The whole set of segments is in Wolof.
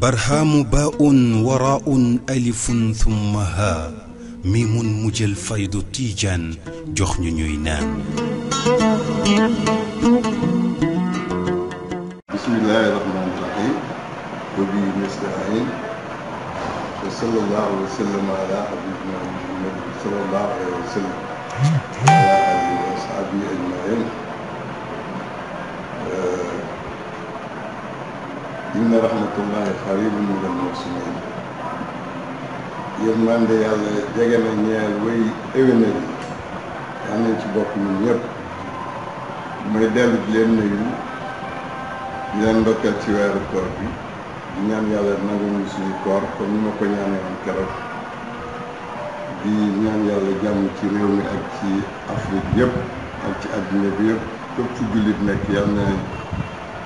برهام باء وراء ألف ثم ها ميم مجل فيض تيجان جخن نينان بسم الله الرحمن الرحيم وبه نستعين وصلى الله وسلم على حبيبنا محمد صلى الله عليه وسلم وعلى آله وأصحابه أجمعين inna rahmatullahi qaribun min al-muhsinin yërmande yàlla jege na ñeel way éwénal yi yal nañ ci bokk ñun ñëpp mooy dellu leen nuyu di leen ndokkeel ci weeru koor bi di ñaan yàlla nanguñu suñu koor comme ni ma ko ñaanee woon keroog di yàlla jàmm ci réew mi ak ci Afrique yëpp ak ci adduna bi yëpp képp fu jullit nekk yàlla na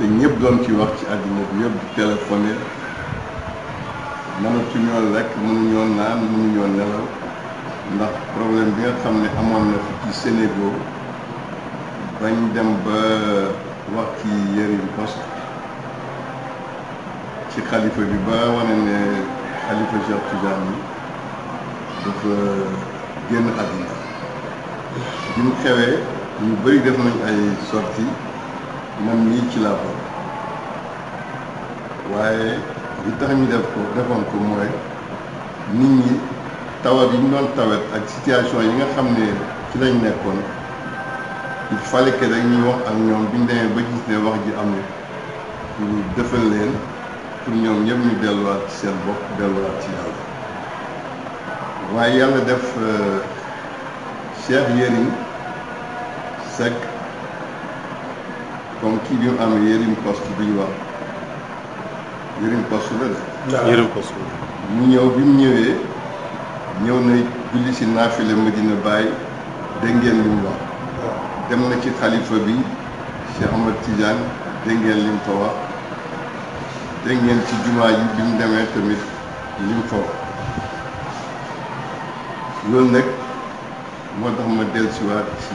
te ñëpp doon ci wax ci àddina bi yëpp di téléphoné mënatuñoo lekk mënuñoo naan mënuñoo nelaw ndax problème bi nga xam ne amoon na fi ci Sénégal bañ dem ba wax ci Yérim Post ci xalifa bi ba wane ne xalifa Cheikh yi dafa génn àddina bi mu xewee ñu bëri def nañ ay sorties man mii ci laa bokk waaye li tax ñu def ko defoon ko mooy nit ñi tawat yi ñu doon tawet ak situation yi nga xam ne ci lañ nekkoon il fallait que ñuy wax ak ñoom biñ demee ba gis ne wax ji am na pour defal leen pour ñoom ñëpp ñu delluwaat ci seen bopp delluwaat ci yàlla waaye yàlla def euh, Cheikh Yérim Seck comme kii am yerim pastu bi ñu wax yerim poste la yerim poste mu ñëw bi mu ñëwee ñëw na julli si naafile Medina Baye dégg ngeen li mu wax. dem na ci xalifa bi Cheikh Ahmad Tidiane dégg ngeen li mu fa wax dégg ngeen ci jumaa ji bi mu demee tamit li mu fa wax loolu ci.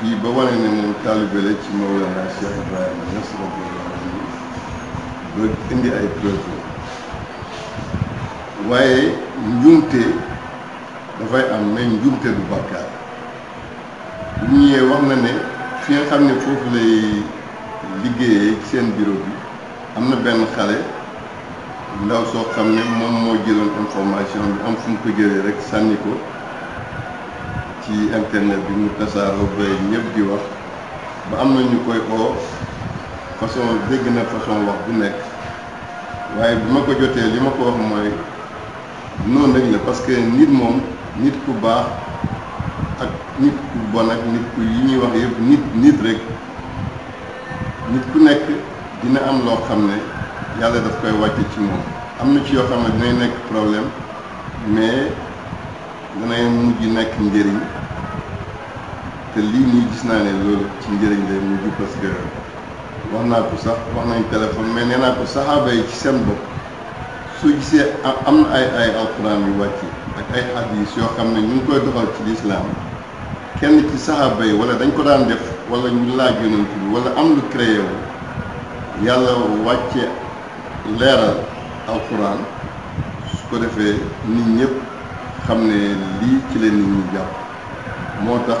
fii ba wane ne moom taalibe la ci Mawlana Cheikh Ibrahima Niass radiyallahu anhu ba indi ay preuve waaye njuumte dafay am mais njuumte du bàkkaar bu ñu wax na ne fi nga xam ne foofu lay liggéeyee seen bureau bi am na benn xale ndaw soo xam ne moom moo jëloon information bi am fu mu ko jëlee rek sànni ko ci internet bi mu tasaaroo ba ñëpp di wax ba am na ñu koy oo façon dégg na façon wax bu nekk waaye bi ma ko jotee li ma ko wax mooy noonu rek la parce que nit moom nit ku baax ak nit ku bon ak nit ku yi ñuy wax yëpp nit nit rek nit ku nekk dina am loo xam ne yàlla daf koy wàcce ci moom am na ci yoo xam ne dinay nekk problème mais danay mujj nekk njëriñ te lii nii gis naa ne loolu ci njëriñ lay mujj parce que wax naa ko sax wax nañ téléphone mais nee naa ko saxaaba yi ci seen bopp soo gisee am na ay ay alquran yu wàcc ak ay hadis yoo xam ne ñu ngi koy doxal ci lislaam kenn ci saxaaba yi wala dañ ko daan def wala ñu laaj yonent bi wala am lu créé wu yàlla wàcce leeral alquran su ko defee nit ñëpp xam ne lii ci la nit ñi jàpp moo tax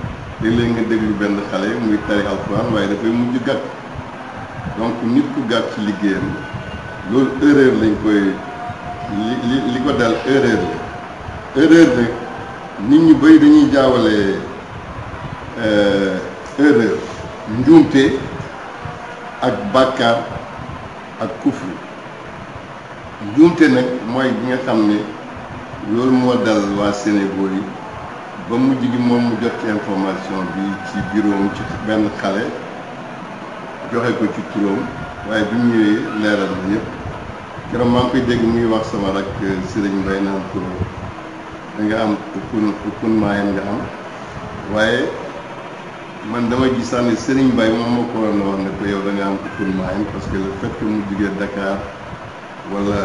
léeg-léeg nga déglu benn xale muy tari alxuraan waaye dafay mujj gàkk donc nit ku gàkk ci liggéeyam loolu erreur lañ koy li li li ko dal erreur la erreur nag nit ñu bëri dañuy euh, njuumte ak bàkkaar ak kufru njuumte nag mooy bi nga xam ne loolu moo dal waa Sénégal yi ba mujj gi moom mu jot information bi ci bureau ci benn xale joxe ko ci turam waaye bi mu ñëwee leeral na ñëpp keroog maa ngi koy dégg muy wax sama rak Sëriñ Mbay naan ko da nga am kun kun maayam nga am waaye man dama gis sax ne Sëriñ Mbay moom moo ko wax ne ko yow da am kun maayam parce que le fait que mu jugee Dakar wala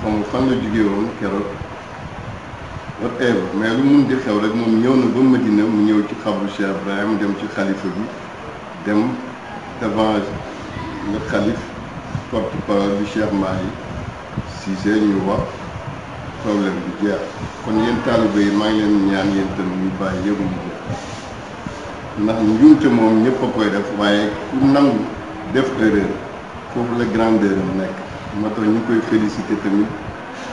xam fan la jugee woon keroog. wat mais lu mun di xew rek moom ñëw na ba Medina mu ñëw ci xabru Cheikh Ibrahim dem ci xalifa bi dem devant le xalif porte parole bi Cheikh Mahi Cissé ñu wax problème bi jeex kon yéen taalibe yi maa ngi leen ñaan yéen tam ñu bàyyi yëgu mu ndax njuumte moom ñëpp a koy def waaye ku nangu def erreur foofu la grandeur nekk moo tax ñu koy félicité tamit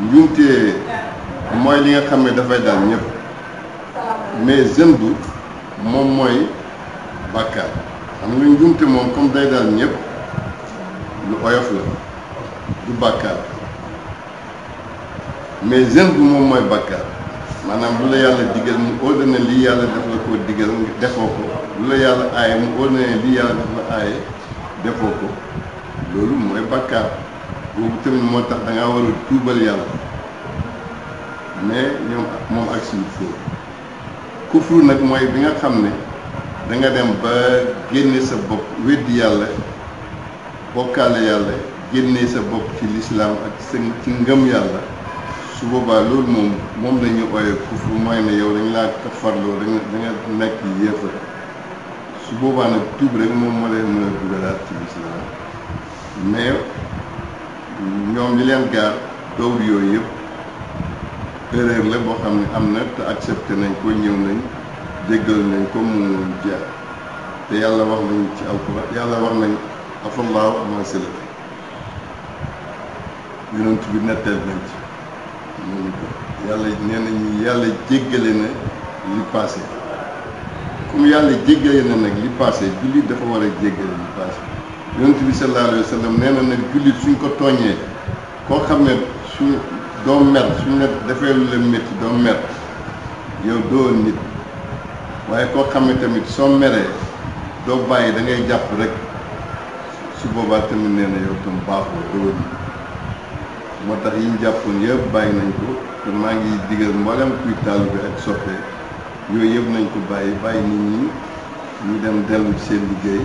njuumte mooy li nga xam ne dafay daal ñëpp mais zëm bu moom mooy bàkkaar xam nga njuumte moom comme day daal ñëpp lu oyof la du bàkkaar mais zëm bu moom mooy bàkkaar maanaam lu la yàlla digal mu óor na lii yàlla def la koo digal defoo ko lu la yàlla aaye mu óor na lii yàlla def aaye defoo ko loolu mooy bàkkaar boobu tamit moo tax danga war a tuubal yàlla mais ñoom moom ak suñu fóor kufru nag mooy bi nga xam ne danga dem ba génne sa bopp weddi yàlla bokkaale yàlla génne sa bopp ci lislaam ak sa ci ngëm yàlla su boobaa loolu moom moom la ñu kufru mooy ne yow dañ laa kafarloo da nga da nga nekk yéefa su boobaa nag tuub rek moom moo lay mën a dugalaat ci lislaam mais ñoom li leen gaar dawlu yooyu yëpp erreur la boo xam ne am na te accepté nañ ko ñëw nañ jéggal nañ ko mu jeex te yàlla wax nañ ci alxuraan yàlla wax nañ afallaahu amaa sëlëf yonent bi netteel nañ ci ñu ko yàlla nee nañu yàlla jéggale na li passé comme yàlla jéggale na nag li passé jullit dafa war a jéggale li passé yonent bi sallallahu alayhi wa nag jullit suñ ko tooñee koo xam ne suñ doo mer suñ la defee lu la métti doo mer yow doo nit waaye koo xam ne tamit soo meree doo bàyyi dangay jàpp rek su boobaa tamit nee na yow tam baaxoo doo nit moo tax yi jàppoon yëpp bàyyi nañ ko te maa ngi digal mboolem kuy tàll bi ak soppe yooyu yëpp nañ ko bàyyi bàyyi nit ñi ñu dem dellu seen liggéey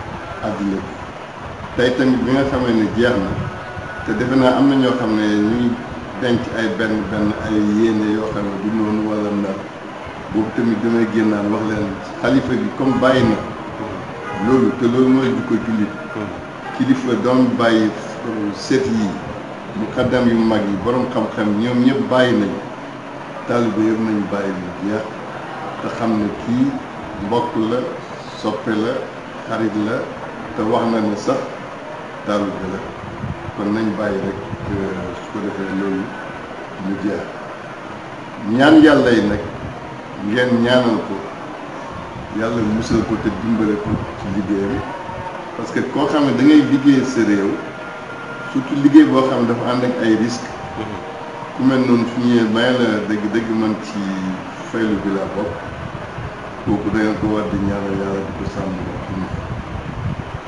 àdduna bi tey tamit bi nga xamee ne jeex na te defe naa am na ñoo xam ne ñuy denc ay benn benn ay yéene yoo xam ne du noonu wala ndar boobu tamit damay génnaan wax leen xalifa bi comme bàyyi na loolu te loolu mooy du ko jullit kilifa doon bàyyi set yi mu xaddam yu mag yi boroom xam-xam ñoom ñëpp bàyyi nañu taaliba yëpp nañu bàyyi lu jeex te xam ne kii mbokk la soppe la xarit la te wax na ni sax taaru bi la kon nañ bàyyi rek euh, su ko defee loolu mu jeex ñaan yàlla yi nag ngeen ñaanal ko yàlla musal ko te dimbale ko ci liggéeyam parce que koo xam ne da ngay liggéey sa réew surtout liggéey boo xam ne dafa ànd ak ay risque mm-hmm. ku mel noonu su ñëwee may la dëgg dëgg man ci faylu bi laa bokk kooku da ko war di yàlla di ko sàmm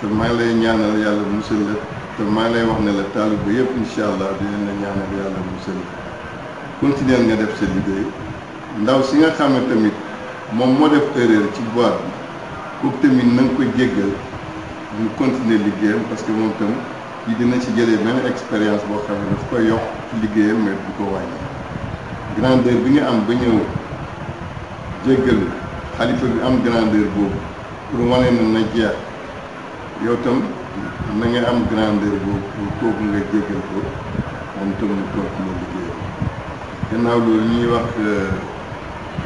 te maa ngi lay ñaanal yàlla musal la te maa lay wax ne la taalib ba yëpp incha allah dinañ la ñaanal yàlla musal la continuer nga def sa liggéey ndaw si nga xam ne tamit moom moo def erreur ci boîte bi kooku tamit na nga ko jéggal ñu continuer liggéeyam parce que moom tam yi dina si jëlee benn expérience boo xam ne daf koy yokk ci liggéeyam mais du ko wàññi grandeur bi nga am ba ñëw jéggal xalifa bi am grandeur boobu pour wane na na jeex yow tam na am grandeur boobu kooku nga jéggal ko moom tam mu continuer liggéeyam gannaaw loolu ñuy wax euh,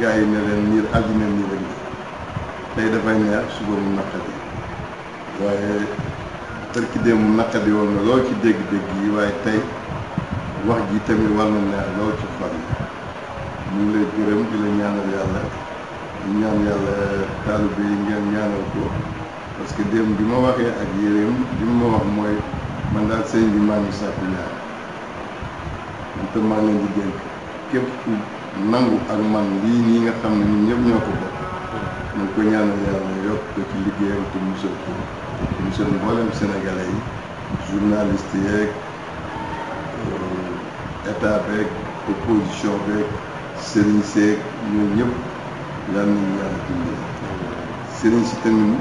gars yi ne leen niir àddina niir ak tey dafay neex suba mu naqari waaye tërki mu naqari woon na lool ci dégg-dégg yi waaye tey wax ji tamit war na neex lool ci xol yi ñu ngi gërëm di la ñaanal yàlla ñu ñaan yàlla taalibe yi ngeen ñaanal ko que bi ma waxee ak yéreem li ma wax mooy man daal sëñ bi maa ngi sàkku ñaar man te maa leen di képp nangu ak man lii nii nga xam ne ñun ñëpp ñoo ko bokk ñu ko ñaanal yàlla yokk ko ci liggéeyam te musal ko te musal mboolem yi journaliste yeeg euh, état opposition beeg sëriñ seeg sëriñ si tamit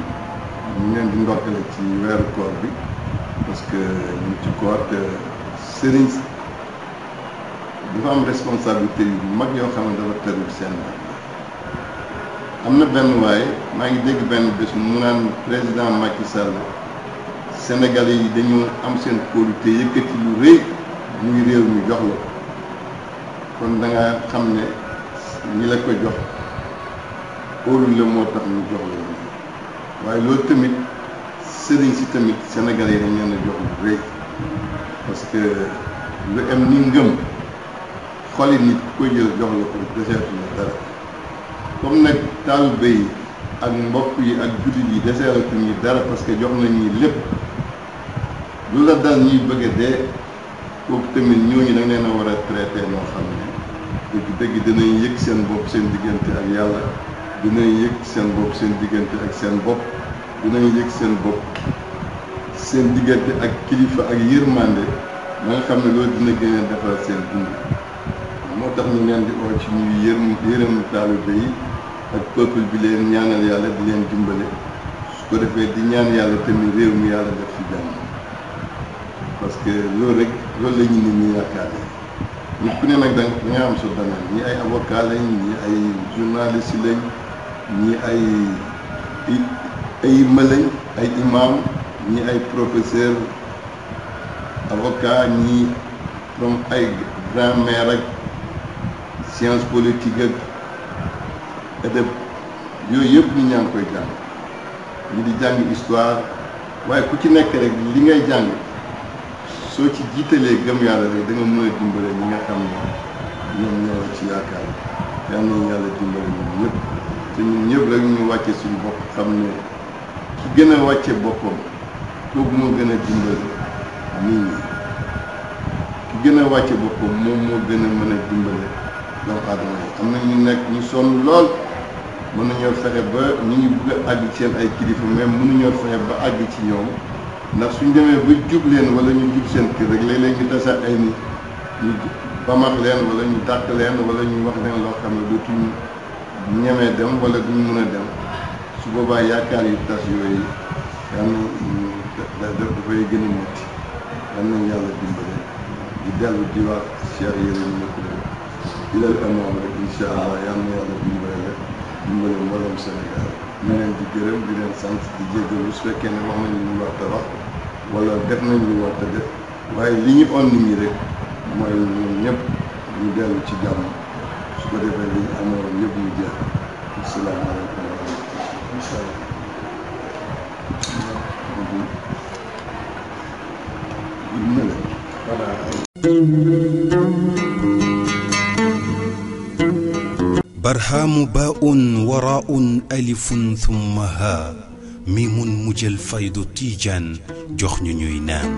mu leen di ndokkale ci weeru koor bi parce que ñu ci koor te sëriñ dafa am responsabilité yu mag yoo xam ne dafa tëru seen am na benn waaye maa ngi dégg benn bés mu naan président Macky Sall Sénégalais yi dañu am seen kóolute yëkkati lu rëy muy réew mi jox la kon danga xam ne ñi la ko jox óolu la moo tax ñu jox la waaye loolu tamit sëriñ si tamit senegal yi dañ leen a jox lu rëy parce lu am ni ngëm xoli nit ku koy jël jox la ko deseetu la dara comme nag taalibe yi ak mbokk yi ak jullit yi deseeratu ñu dara parce que jox nañu lépp lu la dal ñuy bëgg a dee kooku tamit ñooñu da nga leen a war a traité noo xam ne dëgg dëgg dinañ yëg seen bopp seen diggante ak yàlla dinañ yëg seen bopp seen diggante ak seen bopp dinañ yëg seen bopp seen diggante ak kilifa ak yërmande ma nga xam ne loolu dina gën a defar seen dund moo tax ñu leen di oo ci ñuy yërm yërëm taalibe yi ak peuple bi leen ñaanal yàlla di leen dimbale su ko defee di ñaan yàlla tamit réew mi yàlla def ci jàmm parce que loolu rek loolu la ñu nit ñi yaakaare ku ne nag da nga am sa domaine ñi ay avocat lañ ñi ay journaliste lañ ñii ay ay malañ ay imam ñii ay professeur avocat ñii doom ay grammaire ak science politique ak édeb yooyu yëpp ñu ñaa ngi koy jàng ñu di jàng histoire waaye ku ci nekk rek li ngay jàng soo ci jiitalee gëm yàlla rek da nga mën dimbale ñi nga xam ne ñoom ñoo ci yaakaar yal nañu yàlla dimbali ñun ñëpp te ñun ñëpp wàcce suñu bopp xam ne ki gën a wàcce boppam kooku moo gën a dimbali nit ñi ki gën a wàcce boppam moom moo gën a mën a dimbali doomu aadama yi am na ñu nekk ñu sonn lool mën nañoo fexe ba ñu ngi bëgg a àgg seen ay kilifa mais mënuñoo fexe ba àgg ci ñoom ndax suñ demee ba jub leen wala ñu jub seen kër rek léeg-léeg ñu tasaat ay nit ñu ba mag leen wala ñu dàq leen wala ñu wax leen loo xam ne dootuñ ñemee dem wala duñ mën a dem su boobaa yaakaar yu tas yooyu yal na dafay gën a métti yal nañ yàlla dimbale di dellu di wax Cheikh Yérim ñu ko def di leen amoon rek leen di gërëm di leen sant di jéggalu su fekkee ne wax nañu lu a wax wala def nañ lu war a waaye li ñu on nit ñi rek. mooy ñun ñëpp ñu dellu ci jàmm su ko jox ñu ñuy naan.